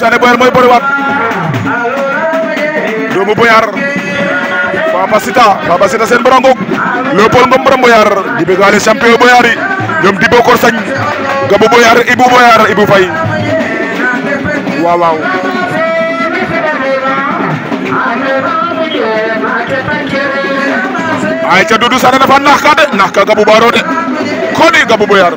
Sané Boyar mooy bëriwaat doomu Boyar Papa Sita Papa Sita seen borongok Léopold Ngom borom Boyar di bégaale champion Boyar yi ñoom di bokor sañ gabu Boyar Ibu Boyar Ibu Fay waaw waaw ay ca Doudou Sané dafa nax nah, ka de nax ka gabu Baro de ko di gabu Boyar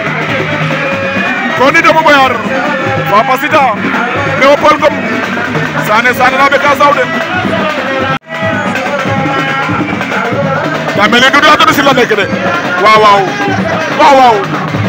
Tony Demba Bayar waa Pasita Léopold Ngom Sané Sané naa be ka saw de daa mel ni du daa tudd si la